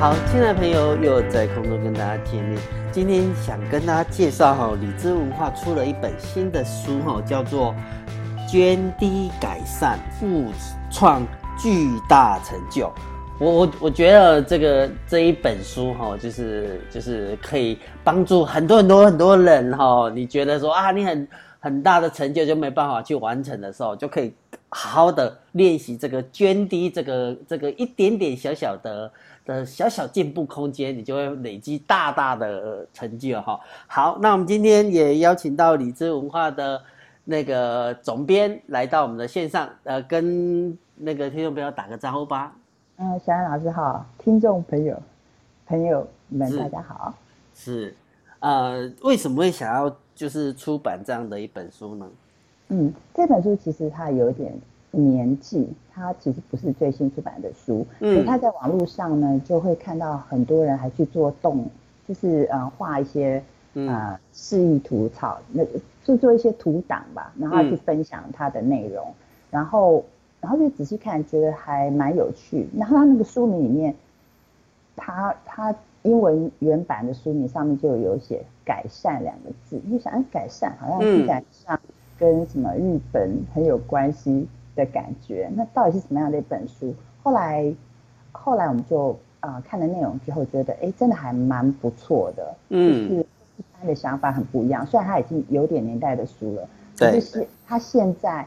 好，親愛的朋友又在空中跟大家見面。今天想跟大家介紹哈，李茲文化出了一本新的書哈，叫做《涓滴改善，富創巨大成就》。我我我覺得這個這一本書哈，就是就是可以幫助很多很多很多人哈。你覺得說啊，你很很大的成就就沒辦法去完成的時候，就可以。好好的練習這個涓滴，這個這個一點點小小的的小小進步空間，你就會累積大大的成就哈。好，那我們今天也邀請到李茲文化的那個總編來到我們的線上，呃，跟那個聽眾朋友打個招呼吧。嗯，小安老師好，聽眾朋友朋友們大家好是。是，呃，為什麼會想要就是出版這樣的一本書呢？嗯，這本書其實它有點年紀，它其實不是最新出版的書。嗯，可是它在網絡上呢，就會看到很多人還去做動，就是呃畫一些、嗯、呃示意圖草，那個、就做一些圖檔吧，然後去分享它的內容、嗯。然後，然後就仔細看，覺得還蠻有趣。然後它那個書名裡面，它它英文原版的書名上面就有寫、啊“改善”兩個字，你就想，改善好像不改善。嗯跟什麼日本很有關係的感覺，那到底是什麼樣的一本書？後來，後來我們就啊、呃、看了內容之後，覺得哎，真的還蠻不錯的。嗯，就是他的想法很不一樣。雖然他已經有點年代的書了，對，但就是他現在，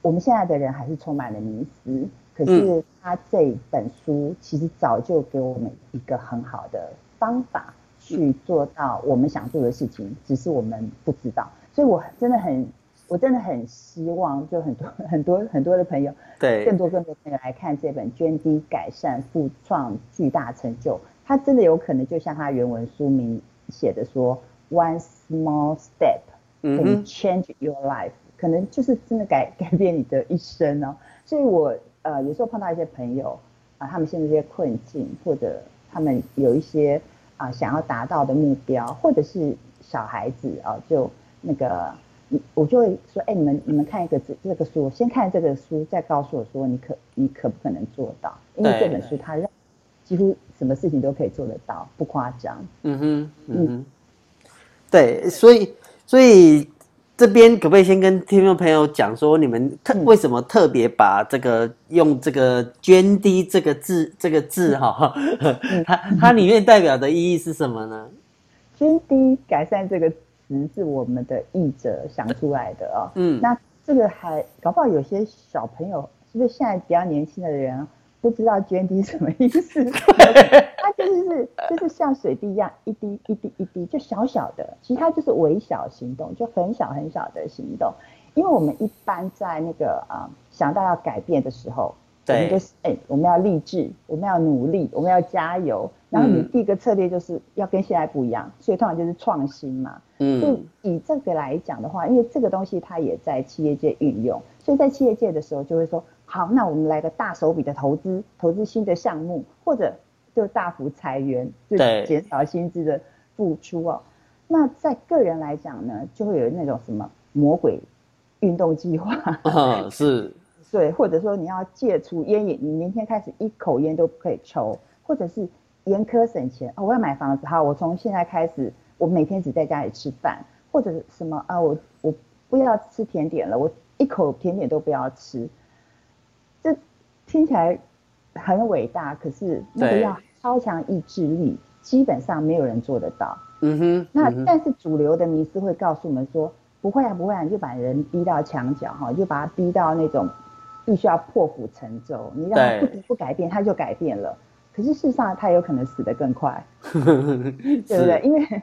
我們現在的人還是充滿了迷思。可是他這本書其實早就給我們一個很好的方法去做到我們想做的事情，只是我們不知道。所以我真的很。我真的很希望，就很多很多很多的朋友，對，更多更多朋友來看這本《涓滴改善富創巨大成就》，它真的有可能就像它原文書名寫的說，“One small step can change your life”，、嗯、可能就是真的改改變你的一生哦。所以我呃有時候碰到一些朋友啊、呃，他們陷入一些困境，或者他們有一些啊、呃、想要達到的目標，或者是小孩子啊、呃，就那個。我就會說，哎、欸，你們你們看一個這這個書，先看這個書，再告訴我說，你可你可不可能做到？因為這本書它讓幾乎什麼事情都可以做得到，不誇張。嗯哼，嗯，對，所以所以，所以這邊可不可以先跟聽眾朋友講說，你們特、嗯、為什麼特別把這個用這個涓滴這個字這個字哈、嗯，它它裡面代表的意義是什麼呢？涓滴改善這個字。只能是我們的譯者想出來的哦、喔，嗯，那這個還搞不好有些小朋友是不、就是現在比較年輕的人不知道涓滴什麼意思？它 就是是就是像水滴一樣一滴一滴一滴，一滴就小小的，其他就是微小行動，就很小很小的行動。因為我們一般在那個啊、呃、想到要改變的時候，對，我們就是哎、欸、我們要勵志，我們要努力，我們要加油。然後你第一個策略就是要跟現在不一樣，嗯、所以通常就是創新嘛。嗯，就以，以這個來講的話，因為這個東西它也在企業界運用，所以在企業界的時候就會說：好，那我們來個大手筆的投資，投資新的項目，或者就大幅裁員，對，減少薪資的付出哦。那在個人來講呢，就會有那種什麼魔鬼運動計劃啊、哦，是，對， 或者說你要戒除菸癮，你明天開始一口菸都不可以抽，或者是。嚴苛省錢、哦、我要買房子哈！我從現在開始，我每天只在家裡吃飯，或者什麼啊，我我不要吃甜點了，我一口甜點都不要吃。這聽起來很偉大，可是那個要超強意志力，基本上沒有人做得到。嗯哼，嗯哼，那但是主流的迷思會告訴我們說、嗯，不會啊，不會啊，你就把人逼到牆角哈，就把他逼到那種必須要破釜沉舟，你讓他不得不改變，他就改變了。可是，事實上，他有可能死得更快 對不對？因為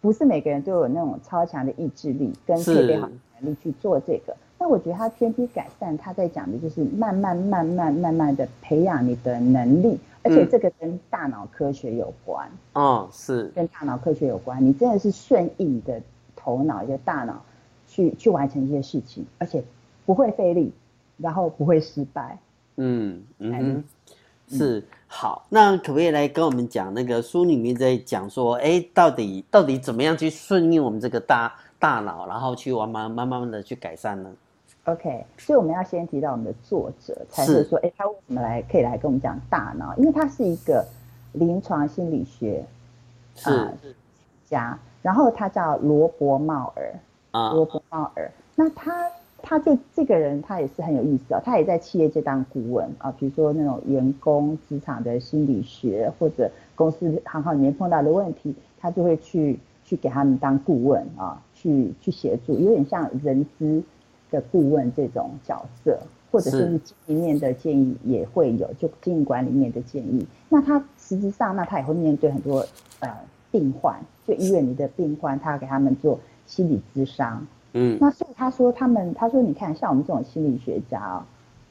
不是每個人都有那種超強的意志力跟特別好的能力去做這個。但我覺得他涓滴改善，他在講的就是慢慢、慢慢、慢慢地培養你的能力，而且這個跟大腦科學有關。嗯，跟哦、是跟大腦科學有關。你真的是順應你的頭腦，你的大腦去去完成一些事情，而且不會費力，然後不會失敗。嗯嗯。嗯是。好，那可不可以來跟我們講那個書裡面在講說，哎、欸，到底到底怎麼樣去順應我們這個大大腦，然後去慢慢慢慢的去改善呢？OK，所以我們要先提到我們的作者，才是說，哎、欸，他為什麼來可以來跟我們講大腦，因為他是一個臨床心理學是、呃、家，然後他叫羅伯·茂爾啊，羅伯·茂爾，那他。他就這個人，他也是很有意思哦。他也在企業界當顧問啊，比如說那種員工職場的心理學，或者公司行號裡面碰到的問題，他就會去去給他們當顧問啊，去去協助，有點像人資的顧問這種角色，或者是經營面的建議也會有，就經營管理面的建議。那他實際上，那他也會面對很多呃病患，就醫院裡的病患，他要給他們做心理諮商。嗯，那所以他說他們，他說你看，像我們這種心理學家啊、哦，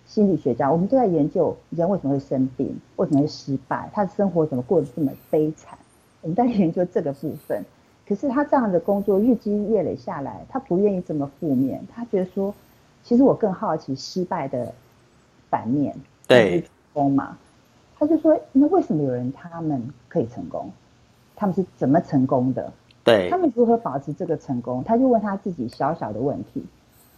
心理學家，我們都在研究人為什麼會生病，為什麼會失敗，他的生活怎麼過得這麼悲慘，我們在研究這個部分。可是他這樣的工作日積月累下來，他不願意這麼負面，他覺得說，其實我更好奇失敗的反面，對，成功嘛。他就說，那為什麼有人他們可以成功？他們是怎麼成功的？對他們如何保持這個成功，他就問他自己小小的問題，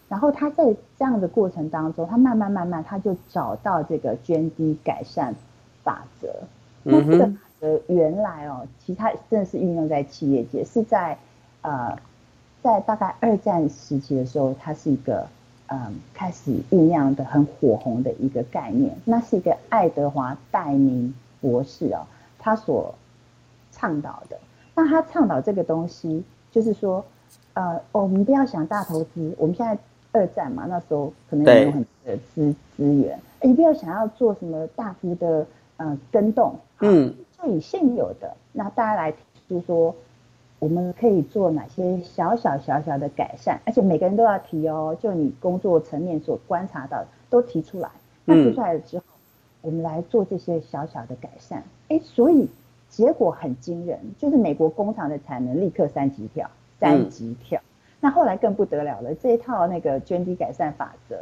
然後他在這樣的過程當中，他慢慢慢慢，他就找到這個涓滴改善法則。那這個法則原來哦，其實它真的是運用在企業界，是在呃在大概二戰時期的時候，它是一個嗯、呃、開始醞釀的很火紅的一個概念。那是一個愛德華戴明博士哦，他所倡導的。那他倡導這個東西，就是說，呃，我、哦、們不要想大投資，我們現在二戰嘛，那時候可能沒有很多資資源、欸，你不要想要做什麼大幅的呃更動，嗯、啊，就以現有的，那大家來提出說，我們可以做哪些小小小小的改善，而且每個人都要提哦，就你工作層面所觀察到的都提出來，那提出來了之後、嗯，我們來做這些小小的改善，哎、欸，所以。結果很驚人，就是美國工廠的產能立刻三級跳，三級跳，嗯。那後來更不得了了，這一套那個涓滴改善法則，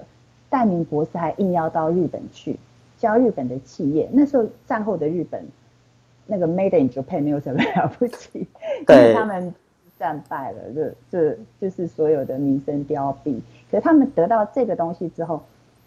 戴明博士還應邀到日本去教日本的企業。那時候戰後的日本，那個 Made in Japan 沒有什麼了不起，對，因為他們戰敗了，這這就，就是所有的民生凋敝。可是他們得到這個東西之後。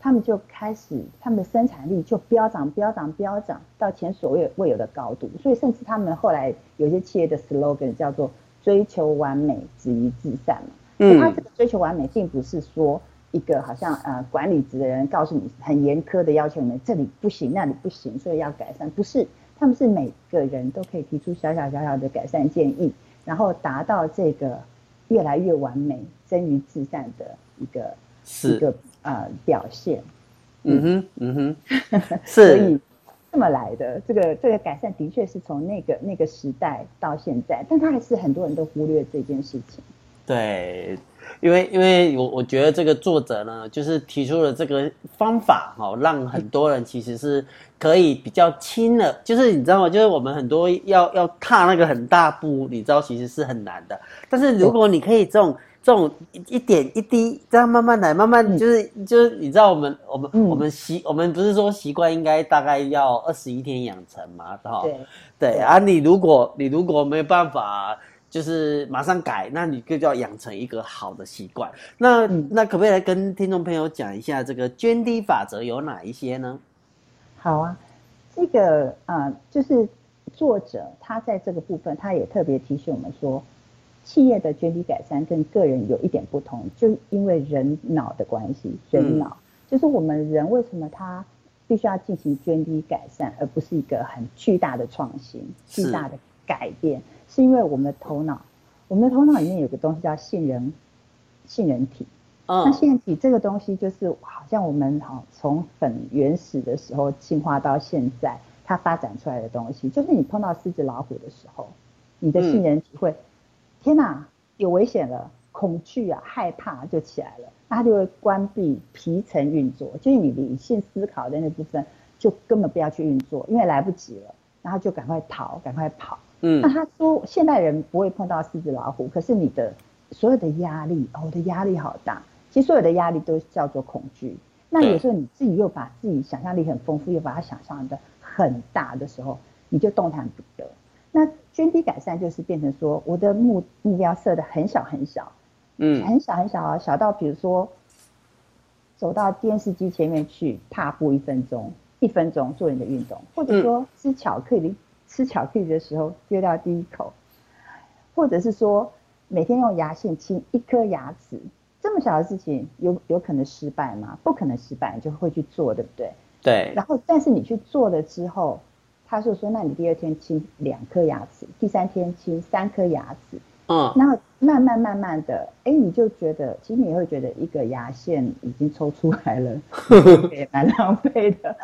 他們就開始，他們的生產力就飆漲、飆漲、飆漲，到前所未有的高度。所以，甚至他們後來有些企業的 slogan 叫做“追求完美，止於至善”，嗯，他這個追求完美，並不是說一個好像呃管理職的人告訴你，很嚴苛的要求你們這裡不行，那裡不行，所以要改善。不是，他們是每個人都可以提出小小小小的改善建議，然後達到這個越來越完美、臻於至善的一個。是一個呃表現，嗯哼，嗯哼， 是，所以這麼來的，這個這個改善的確是從那個那個時代到現在，但他還是很多人都忽略這件事情。對，因為因為我我覺得這個作者呢，就是提出了這個方法哈、喔，讓很多人其實是可以比較輕的、欸，就是你知道嗎？就是我們很多要要踏那個很大步，你知道其實是很難的，但是如果你可以這種。欸這種一點一滴，這樣慢慢來，慢慢就是、嗯、就是，你知道我，我們我們我們習我們不是說習慣應該大概要二十一天養成嘛，是吧？對，對，對，對啊你，你如果你如果沒有辦法，就是馬上改，那你就要養成一個好的習慣。那、嗯、那可不可以來跟聽眾朋友講一下這個涓滴法則有哪一些呢？好啊，這個啊、呃，就是作者他在這個部分，他也特別提醒我們說。企業的涓滴改善跟個人有一點不同，就是、因為人腦的關係。嗯、人腦就是我們人為什麼他必須要進行涓滴改善，而不是一個很巨大的創新、巨大的改變，是，是因為我們的頭腦，我們的頭腦裡面有個東西叫杏仁」。杏仁體。嗯、那杏仁體這個東西，就是好像我們好、啊、從很原始的時候進化到現在，它發展出來的東西，就是你碰到獅子老虎的時候，你的杏仁體會。嗯天吶、啊，有危險了！恐懼啊，害怕就起來了，那他就會關閉皮層運作，就是你理性思考的那部分，就根本不要去運作，因為來不及了，然後就趕快逃，趕快跑。嗯，那他說現代人不會碰到獅子老虎，可是你的所有的壓力，哦，我的壓力好大，其實所有的壓力都叫做恐懼。那有時候你自己又把自己想象力很豐富，又把它想象的很大的時候，你就動彈不得。涓滴改善就是變成說，我的目目標設得很小很小，嗯，很小很小啊。小到比如說，走到電視機前面去踏步一分鐘，一分鐘做你的運動，或者說吃巧克力，嗯、吃巧克力的時候丟掉第一口，或者是說每天用牙線清一顆牙齒，這麼小的事情有有可能失敗嗎？不可能失敗，你就會去做，對不對？對。然後，但是你去做了之後。他說：“說，那你第二天清兩顆牙齒，第三天清三顆牙齒，嗯，然後慢慢慢慢的，哎、欸，你就覺得，其實你會覺得一個牙線已經抽出來了，也 蠻浪費的，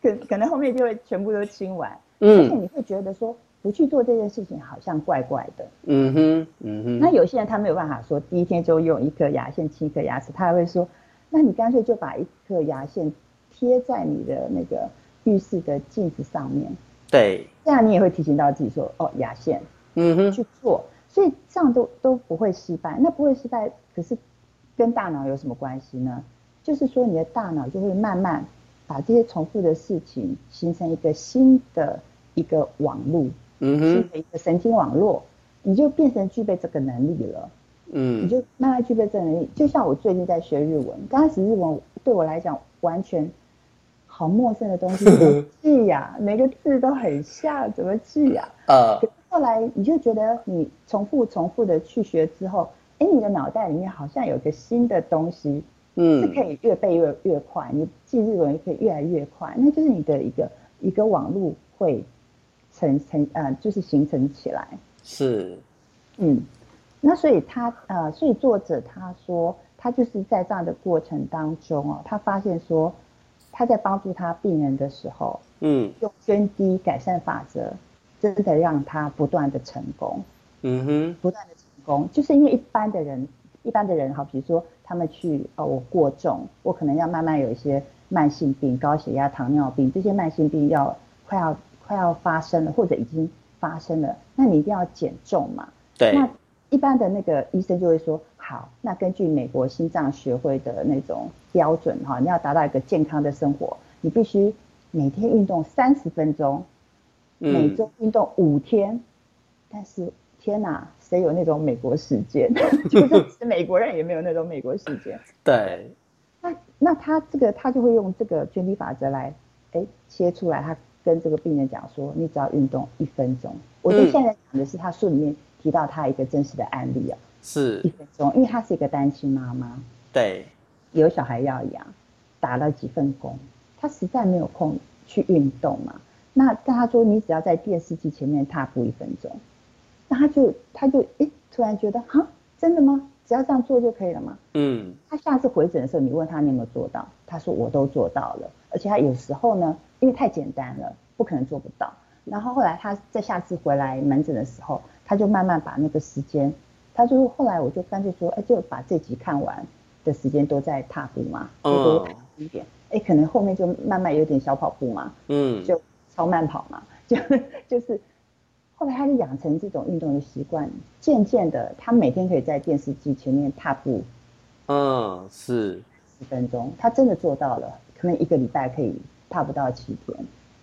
可可能後面就會全部都清完，嗯，而且你會覺得說不去做這件事情好像怪怪的，嗯哼，嗯哼，那有些人他沒有辦法說第一天就用一顆牙線清一顆牙齒，他會說，那你乾脆就把一顆牙線貼在你的那個。”浴室的鏡子上面，對，這樣你也會提醒到自己說，哦，牙線，嗯哼，去做，所以這樣都都不會失敗，那不會失敗，可是跟大腦有什麼關係呢？就是說你的大腦就會慢慢把這些重複的事情形成一個新的一個網絡，嗯哼，形成一個神經網絡，你就變成具備這個能力了，嗯，你就慢慢具備這個能力，就像我最近在學日文，剛開始日文對我來講完全。好陌生的東西，怎麼記呀、啊， 每個字都很像，怎麼記呀？啊！Uh, 可是後來你就覺得，你重複重複的去學之後，哎，你的腦袋裡面好像有一個新的東西，嗯，是可以越背越越快，你記日文也可以越來越快，那就是你的一個一個網路會成成呃，就是形成起來。是，嗯，那所以他呃，所以作者他說，他就是在這樣的過程當中哦，他發現說。他在幫助他病人的時候，嗯，用涓滴改善法則，真的讓他不斷的成功，嗯哼，不斷的成功，就是因為一般的人，一般的人，好，比如說他們去，哦，我過重，我可能要慢慢有一些慢性病，高血壓、糖尿病這些慢性病要快要快要發生了，或者已經發生了，那你一定要減重嘛，對，那一般的那個醫生就會說，好，那根據美國心臟學會的那種。標準哈，你要達到一個健康的生活，你必須每天運動三十分鐘，每周運動五天，嗯。但是天哪，誰有那種美國時間？ 就是美國人也沒有那種美國時間。對。那那他這個他就會用這個涓滴法則來，哎、欸，切出來。他跟這個病人講說，你只要運動一分鐘。我就現在講的是他書裡面提到他一個真實的案例啊、喔嗯。是。一分鐘，因為他是一個單親媽媽。對。有小孩要養，打了幾份工，他實在沒有空去運動嘛。那但他說，你只要在電視機前面踏步一分鐘，那他就他就哎、欸，突然覺得啊，真的嗎？只要這樣做就可以了嘛。嗯。他下次回診的時候，你問他你有沒有做到？他說我都做到了，而且他有時候呢，因為太簡單了，不可能做不到。然後後來他在下次回來門診的時候，他就慢慢把那個時間，他就說後來我就乾脆說，哎、欸，就把這集看完，的時間都在踏步嘛，多、哦、一點，哎、欸，可能後面就慢慢有點小跑步嘛，嗯，就超慢跑嘛，就就是，後來他就養成這種運動的習慣，漸漸的，他每天可以在電視機前面踏步，嗯、哦，是十分鐘，他真的做到了，可能一個禮拜可以踏不到七天，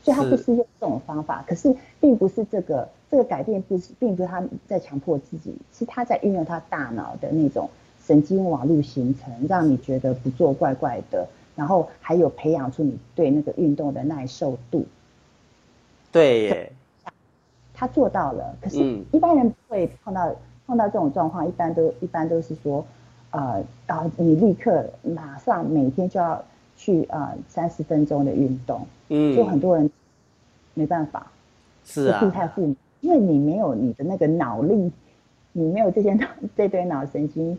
所以他不是用這種方法，是可是並不是這個這個改變不是，並不是他在強迫自己，是他在運用他大腦的那種。神經網路形成，讓你覺得不做怪怪的，然後還有培養出你對那個運動的耐受度。對，他做到了。可是一般人不會碰到、嗯、碰到這種狀況，一般都一般都是說，呃，然、啊、你立刻馬上每天就要去啊三十分鐘的運動。嗯，就很多人沒辦法，是啊，太負，因為你沒有你的那個腦力，你沒有這些腦這堆腦神經。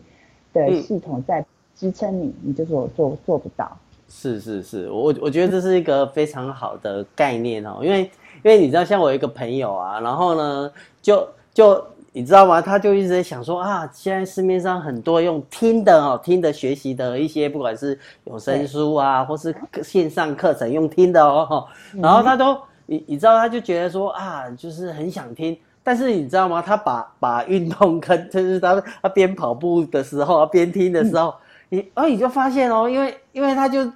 對系統在支撐你、嗯，你就說我做做不到。是是是，我我覺得這是一個非常好的概念哦， 因為因為你知道，像我有一個朋友啊，然後呢，就就你知道嗎？他就一直在想說啊，現在市面上很多用聽的哦，聽的學習的一些，不管是有聲書啊，或是線上課程用聽的哦，然後他都、嗯、你你知道，他就覺得說啊，就是很想聽。但是你知道嗎？他把把運動跟，就是他他邊跑步的時候，邊聽的時候，嗯、你哦，你就發現哦，因為因為他就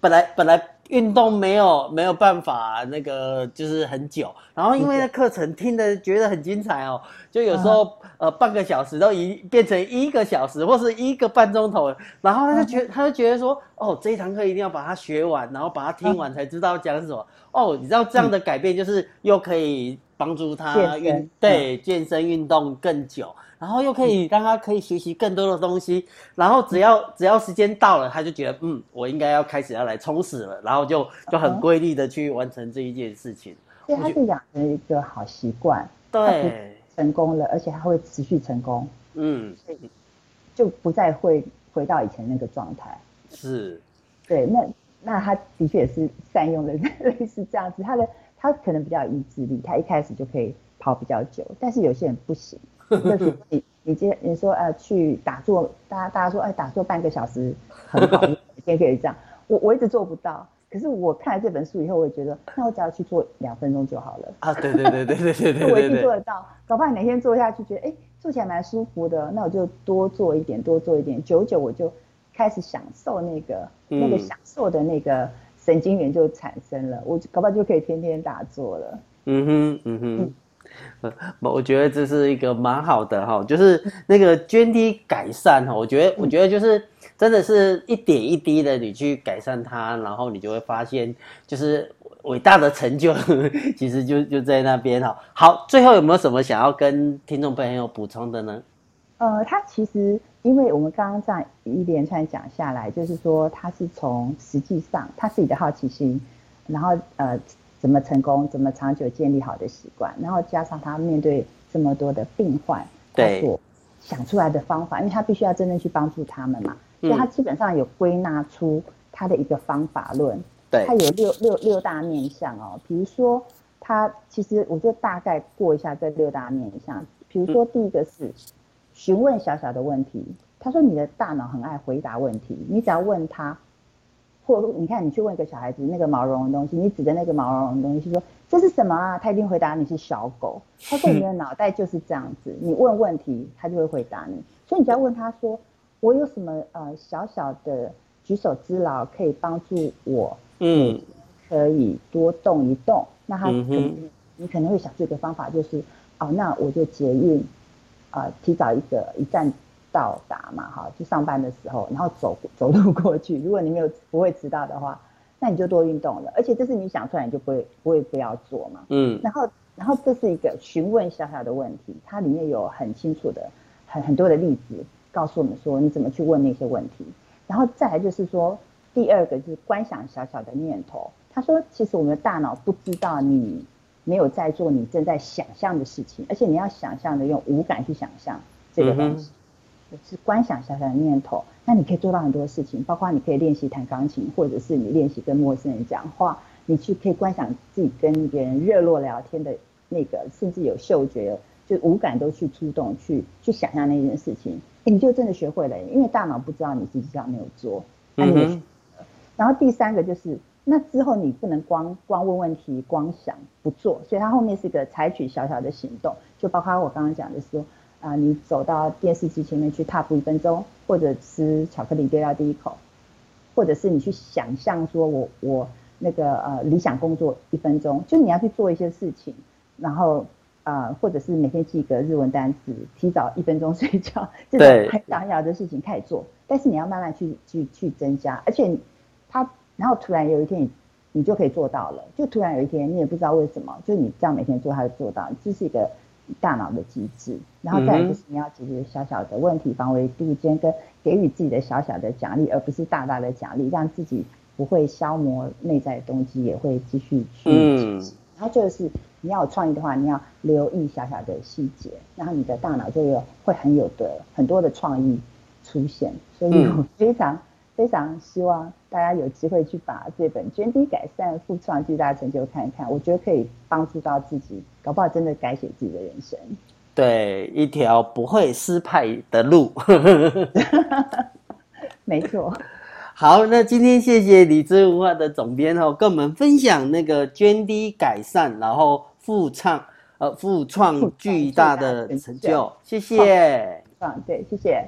本來本來運動沒有沒有辦法那個，就是很久。然後因為那課程聽得覺得很精彩哦，嗯、就有時候呃半個小時都一變成一個小時，或是一個半鐘頭。然後他就覺、嗯、他就覺得說，哦，這一堂課一定要把它學完，然後把它聽完才知道講什麼、嗯。哦，你知道這樣的改變就是又可以。幫助他運對健身運、嗯、動更久，然後又可以讓他可以學習更多的東西，嗯、然後只要、嗯、只要時間到了，他就覺得嗯，我應該要開始要來充實了，然後就就很規律的去完成這一件事情，嗯、所以他是養成一個好習慣，對，成功了，而且他會持續成功，嗯，所以就不再會回到以前那個狀態，是，對，那那他的確也是善用的類似是這樣子，他的。他可能比較有意志力，他一開始就可以跑比較久，但是有些人不行。就是你你接你說、呃，去打坐，大家大家說，哎、呃，打坐半個小時很好，先可以這樣。 我我一直做不到，可是我看了這本書以後，我也覺得，那我只要去做兩分鐘就好了 啊！對對對對對對、對 我一定做得到。搞不好哪天坐下去覺得，哎，坐起來蠻舒服的，那我就多坐一點，多坐一點，久久我就開始享受那個那個享受的那個。嗯神經元就產生了，我搞不好就可以天天打坐了。嗯哼，嗯哼，嗯，我覺得這是一個蠻好的哈，就是那個涓滴改善哈，我覺得、嗯，我覺得就是真的是一點一滴的你去改善它，然後你就會發現，就是偉大的成就其實就就在那邊哈。好，最後有沒有什麼想要跟聽眾朋友補充的呢？呃，他其實。因為我們剛剛這樣一連串講下來，就是說他是從實際上他自己的好奇心，然後呃怎麼成功，怎麼長久建立好的習慣，然後加上他面對這麼多的病患，對，所想出來的方法，因為他必須要真正去幫助他們嘛，所以他基本上有歸納出他的一個方法論，對，他有六六六大面向哦，比如說他其實我就大概過一下這六大面向，比如說第一個是，詢問小小的問題，他說你的大腦很愛回答問題，你只要問他，或你看你去問一個小孩子那個毛茸茸東西，你指着那個毛茸茸東西是說，這是什麼啊？他一定回答你是小狗。他說你的腦袋就是這樣子， 你問問題他就會回答你，所以你只要問他說，我有什麼呃小小的舉手之勞可以幫助我，嗯，可以多動一動，那他可能、嗯、你可能會想出一個方法就是，哦，那我就捷運。啊、呃，提早一個一站到達嘛，哈，去上班的時候，然後走走路過去。如果你沒有不會遲到的話，那你就多運動了。而且這是你想出來你就不會不會不要做嘛，嗯。然後然後這是一個詢問小小的問題，它裡面有很清楚的很很多的例子告訴我們說你怎麼去問那些問題。然後再來就是說第二個就是觀想小小的念頭。他說其實我們的大腦不知道你。沒有在做你正在想象的事情，而且你要想象的用五感去想象這個東西，嗯，就是觀想小小的念頭。那你可以做到很多事情，包括你可以練習彈鋼琴，或者是你練習跟陌生人講話，你去可以觀想自己跟別人熱絡聊天的那個，甚至有嗅覺，就五感都去觸動去去想象那件事情，欸，你就真的學會了，因為大腦不知道你自己這樣沒有做。嗯哼。然後第三個就是。那之後你不能光光問問題，光想不做，所以它後面是一個採取小小的行動，就包括我剛剛講的說啊、呃，你走到電視機前面去踏步一分鐘，或者吃巧克力掉第一口，或者是你去想象說我我那個呃理想工作一分鐘，就你要去做一些事情，然後啊、呃，或者是每天記個日文單詞，提早一分鐘睡覺，這是很小很小的事情開始做，但是你要慢慢去去去增加，而且它。然後突然有一天你，你你就可以做到了。就突然有一天，你也不知道為什麼，就你這樣每天做，他就做到。這，就是一個大腦的機制。然後再來就是你要解決小小的問題，防微杜漸，跟給予自己的小小的獎勵，而不是大大的獎勵，讓自己不會消磨內在的動機，也會繼續去堅持、嗯。然後就是你要有創意的話，你要留意小小的細節，然後你的大腦就有會很有得很多的創意出現。所以我非常、嗯、非常希望，大家有機會去把這本《涓滴改善富創巨大成就》看一看，我覺得可以幫助到自己，搞不好真的改寫自己的人生。對，一條不會失敗的路。 沒錯。好，那今天謝謝李茲文化的總編哦，跟我們分享那個涓滴改善，然後富創，呃，富創巨大的成就，謝謝。嗯，對，謝謝。